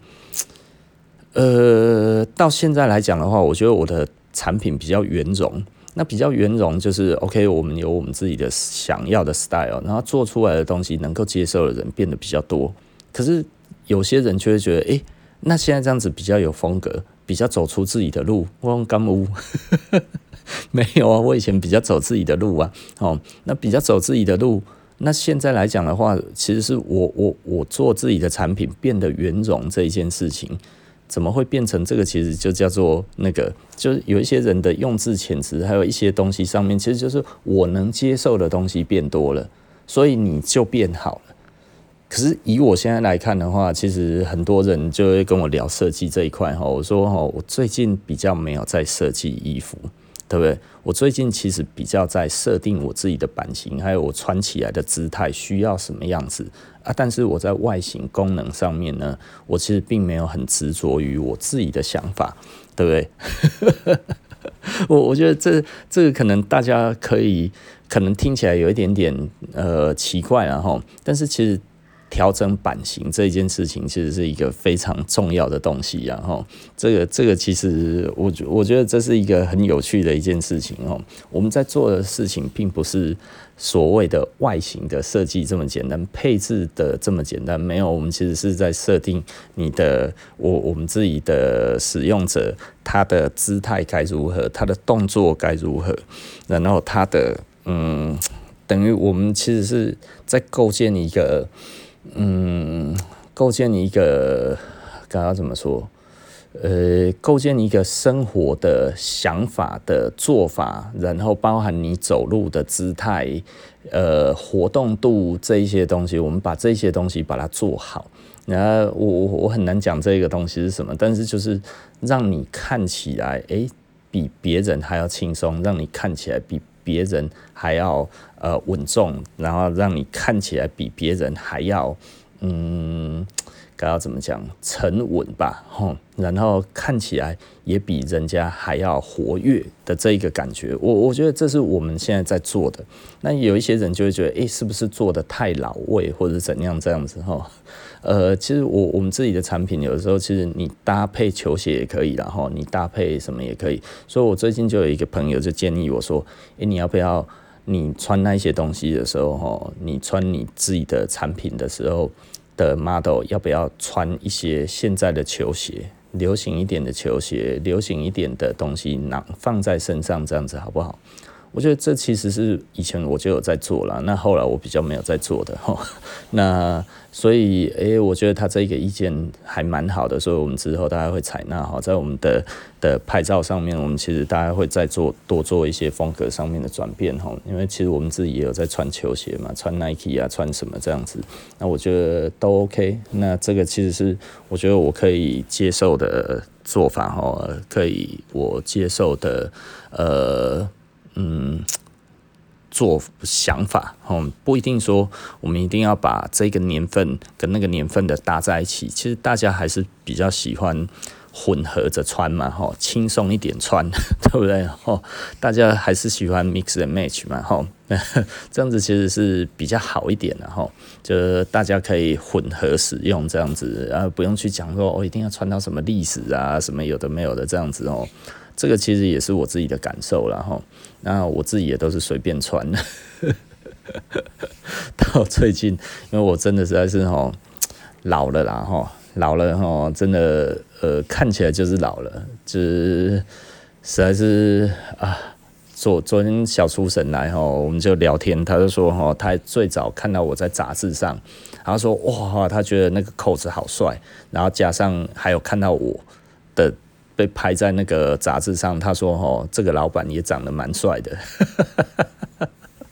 呃，到現在來講的話，我覺得我的產品比較圓融。那比較圓融就是 OK，我們有我們自己的想要的 style，然後做出來的東西能夠接受的人變得比較多。可是有些人卻會覺得，哎、欸，那現在這樣子比較有風格，比較走出自己的路。汪干污沒有啊？我以前比較走自己的路啊。哦，那比較走自己的路，那現在來講的話，其實是我我我做自己的產品變得圓融這一件事情。怎麼會變成這個？其實就叫做那個，就是有一些人的用字遣詞，還有一些東西上面，其實就是我能接受的東西變多了，所以你就變好了。可是以我現在來看的話，其實很多人就會跟我聊設計這一塊哈。我說哈，我最近比較沒有在設計衣服。對不對？我最近其實比較在設定我自己的版型，還有我穿起來的姿態需要什麼樣子啊？但是我在外形功能上面呢，我其實並沒有很執着於我自己的想法，對不對？ 我我覺得這這個可能大家可以，可能聽起來有一點點呃奇怪，然後，但是其實。調整版型這一件事情，其實是一個非常重要的東西。然後，這個這個其實我我覺得這是一個很有趣的一件事情哦。我們在做的事情，並不是所謂的外形的設計這麼簡單，配置的這麼簡單。沒有，我們其實是在設定你的我我們自己的使用者他的姿態該如何，他的動作該如何，然後他的嗯，等於我們其實是在構建一個。嗯，構建一個，剛剛怎麼說？呃，構建一個生活的想法的做法，然後包含你走路的姿態，呃，活動度這一些東西，我們把這些東西把它做好。然後我我我很難講這個東西是什麼，但是就是讓你看起來，哎、欸，比別人還要輕鬆，讓你看起來比別人還要。呃，穩重，然後讓你看起來比別人還要，嗯，該要怎麼講，沉穩吧，吼，然後看起來也比人家還要活躍的這一個感覺，我我覺得這是我們現在在做的。那有一些人就會覺得，誒，是不是做得太老味，或者怎樣這樣子，吼，呃，其實我我們自己的產品，有的時候其實你搭配球鞋也可以，然後你搭配什麼也可以。所以，我最近就有一個朋友就建議我說，誒，你要不要？你穿那些東西的時候，你穿你自己的產品的時候的 model，要不要穿一些現在的球鞋，流行一點的球鞋，流行一點的東西，那放在身上這樣子，好不好？我覺得這其實是以前我就有在做了，那後來我比較沒有在做的哈。那所以，誒、欸，我覺得他這個意見還蠻好的，所以我們之後大家會採納哈。在我們的的拍照上面，我們其實大家會再做多做一些風格上面的轉變哈。因為其實我們自己也有在穿球鞋嘛，穿 Nike 啊，穿什麼這樣子。那我覺得都 OK。那這個其實是我覺得我可以接受的做法哈，可以我接受的呃。嗯，做想法吼，不一定說我們一定要把這個年份跟那個年份的搭在一起。其實大家還是比較喜歡混合着穿嘛吼，輕鬆一點穿，對不對吼？大家還是喜歡 mix and match 嘛吼，這樣子其實是比較好一點的吼，就是大家可以混合使用這樣子，然後不用去講說我一定要穿到什麼歷史啊，什麼有的沒有的這樣子哦。這個其實也是我自己的感受然後。那我自己也都是隨便穿的， 到最近，因為我真的實在是吼、喔、老了啦吼、喔，老了吼、喔，真的呃看起來就是老了，就是實在是啊，昨昨天小廚神來吼、喔，我們就聊天，他就說吼、喔，他最早看到我在雜誌上，然後說哇，他覺得那個扣子好帥，然後加上還有看到我的。被拍在那個雜誌上，他說：“哦，這個老闆也長得蠻帥的，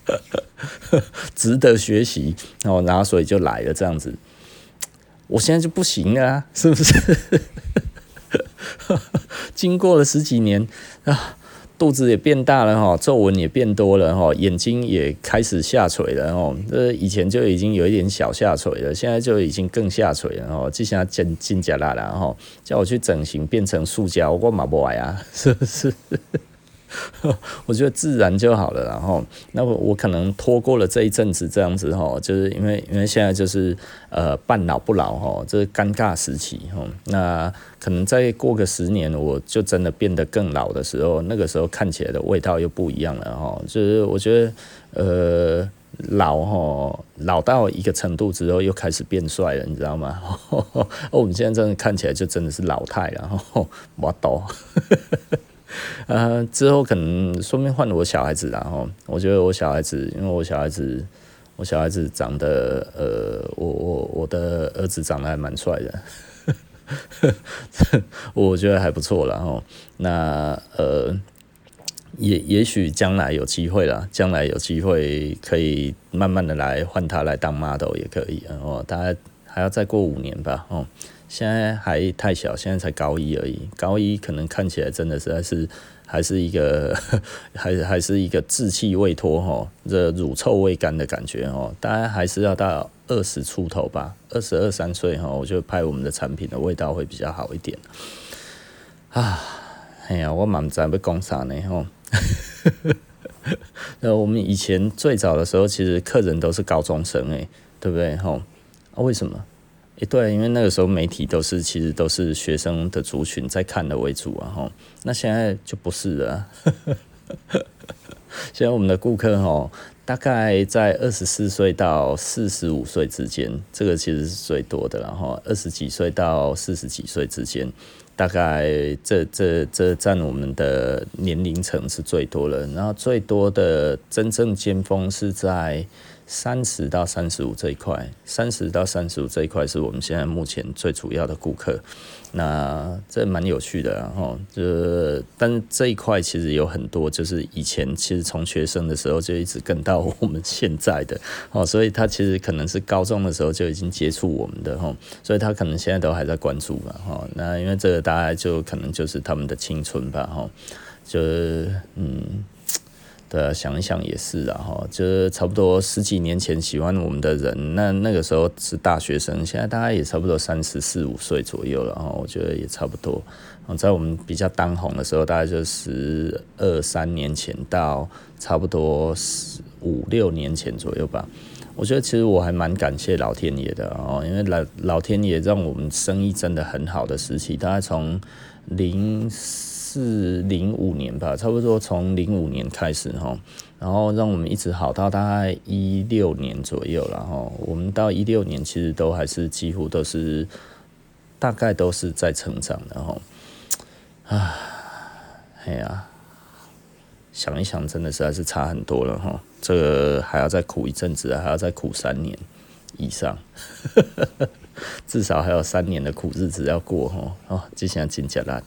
值得學習。”哦，然後然後所以就來了這樣子。我現在就不行了啊，是不是？ 經過了十幾年啊。肚子也變大了哈，皺紋也變多了哈，眼睛也開始下垂了哦。這以前就已經有一點小下垂了，現在就已經更下垂了哦。這些真真假啦了，哈，叫我去整形變成塑膠，我嘛不愛啊，是不是？ 呵我覺得自然就好了，然後，那我我可能拖過了這一陣子這樣子哈，就是因為因為現在就是呃半老不老哈，這是尷尬時期哈，那可能再過個十年，我就真的變得更老的時候，那個時候看起來的味道又不一樣了哈，就是我覺得呃老吼，老到一個程度之後，又開始變帥了，你知道嗎？而我們現在真的看起來就真的是老態了哈，我倒。 呃，之後可能順便換我小孩子啦齁，我覺得我小孩子，因為我小孩子，我小孩子長得，呃，我我我的兒子長得還蠻帥的， 我覺得還不錯啦齁。那呃，也也許將來有機會啦，將來有機會可以慢慢的來換他來當 model 也可以啊，呃，大概還要再過五年吧哦。現在還太小，現在才高一而已。高一可能看起來真的實在是還是，還是一個，還還是一個稚氣未脫吼、哦，這個、乳臭未乾的感覺哈。當、哦、然還是要到二十出頭吧，二十二三歲哈，我就拍我們的產品的味道會比較好一點。啊，哎呀，我蠻唔知道，要要講啥呢吼。那、哦、 我們以前最早的時候，其實客人都是高中生誒，對不對吼、哦？啊，為什麼？欸、對，因為那個時候媒體都是其實都是學生的族群在看的為主啊，吼。那現在就不是了、啊。 現在我們的顧客吼，大概在二十四歲到四十五歲之間，這個其實是最多的，然後二十幾歲到四十幾歲之間，大概這這這占我們的年齡層是最多的。然後最多的真正尖峰是在。三十到三十五這一塊，三十到三十五這一塊是我們現在目前最主要的顧客。那這蠻有趣的哦、啊，就但是這一塊其實有很多，就是以前其實從學生的時候就一直跟到我們現在的哦，所以他其實可能是高中的時候就已經接觸我們的哦，所以他可能現在都還在關注吧哦。那因為這個大概就可能就是他們的青春吧哦，就是嗯。呃、啊，想一想也是啊，哈，就是差不多十幾年前喜歡我們的人，那那個時候是大學生，現在大概也差不多三十四五歲左右了，哈，我覺得也差不多。我在我們比較當紅的時候，大概就十二三年前到差不多十五六年前左右吧。我覺得其實我還蠻感謝老天爺的哦，因為老老天爺讓我們生意真的很好的時期，大概從零是零五年吧，差不多從零五年開始哈，然後讓我們一直好到大概一六年左右，然後我們到一六年其實都還是幾乎都是大概都是在成長的哈。啊，哎呀，想一想真的是還是差很多了哈。這個還要再苦一陣子，還要再苦三年以上。 至少還有三年的苦日子要過吼哦，接下來請假啦，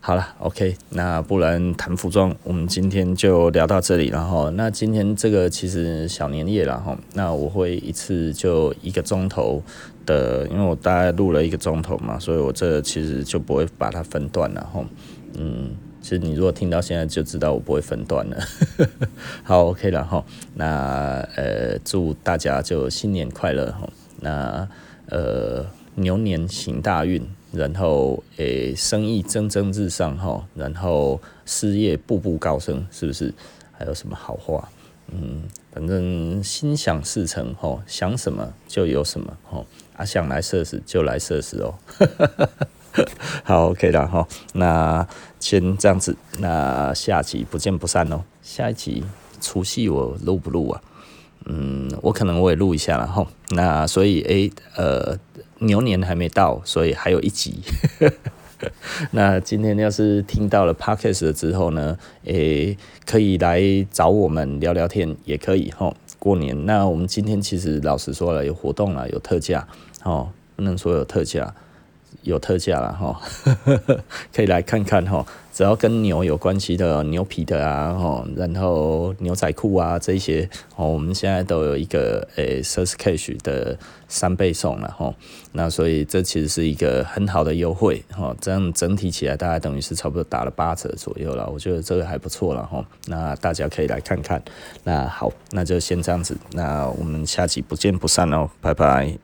好了，OK，那不然談服裝，我們今天就聊到這裡然後，那今天這個其實小年夜然後，那我會一次就一個鐘頭的，因為我大概錄了一個鐘頭嘛，所以我這其實就不會把它分段了吼，嗯，其實你如果聽到現在就知道我不會分段了， 好 OK 了吼，那呃，祝大家就新年快樂吼，那。呃，牛年行大運，然後誒、欸，生意蒸蒸日上哈、哦，然後事業步步高升，是不是？還有什麼好話？嗯，反正心想事成哈、哦，想什麼就有什麼哈、哦，啊，想來設施就來設施哦。 好，OK 了哈、哦，那先這樣子，那下集不見不散哦。下一集除夕我錄不錄啊？嗯，我可能我也錄一下了吼，那所以誒、欸，呃，牛年還沒到，所以還有一集。 那今天要是聽到了 podcast 了之後呢，誒、欸，可以來找我們聊聊天，也可以吼，過年，那我們今天其實老實說了，有活動了，有特價，吼，不能說有特價，有特價了哈，吼 可以來看看吼。只要跟牛有關係的牛皮的啊，吼，然後牛仔褲啊這些，哦，我們現在都有一個誒、欸、，THURS cash 的三倍送了吼，那所以這其實是一個很好的優惠，吼，這樣整體起來大概等於是差不多打了八折左右了，我覺得這個還不錯了吼，那大家可以來看看，那好，那就先這樣子，那我們下集不見不散哦，拜拜。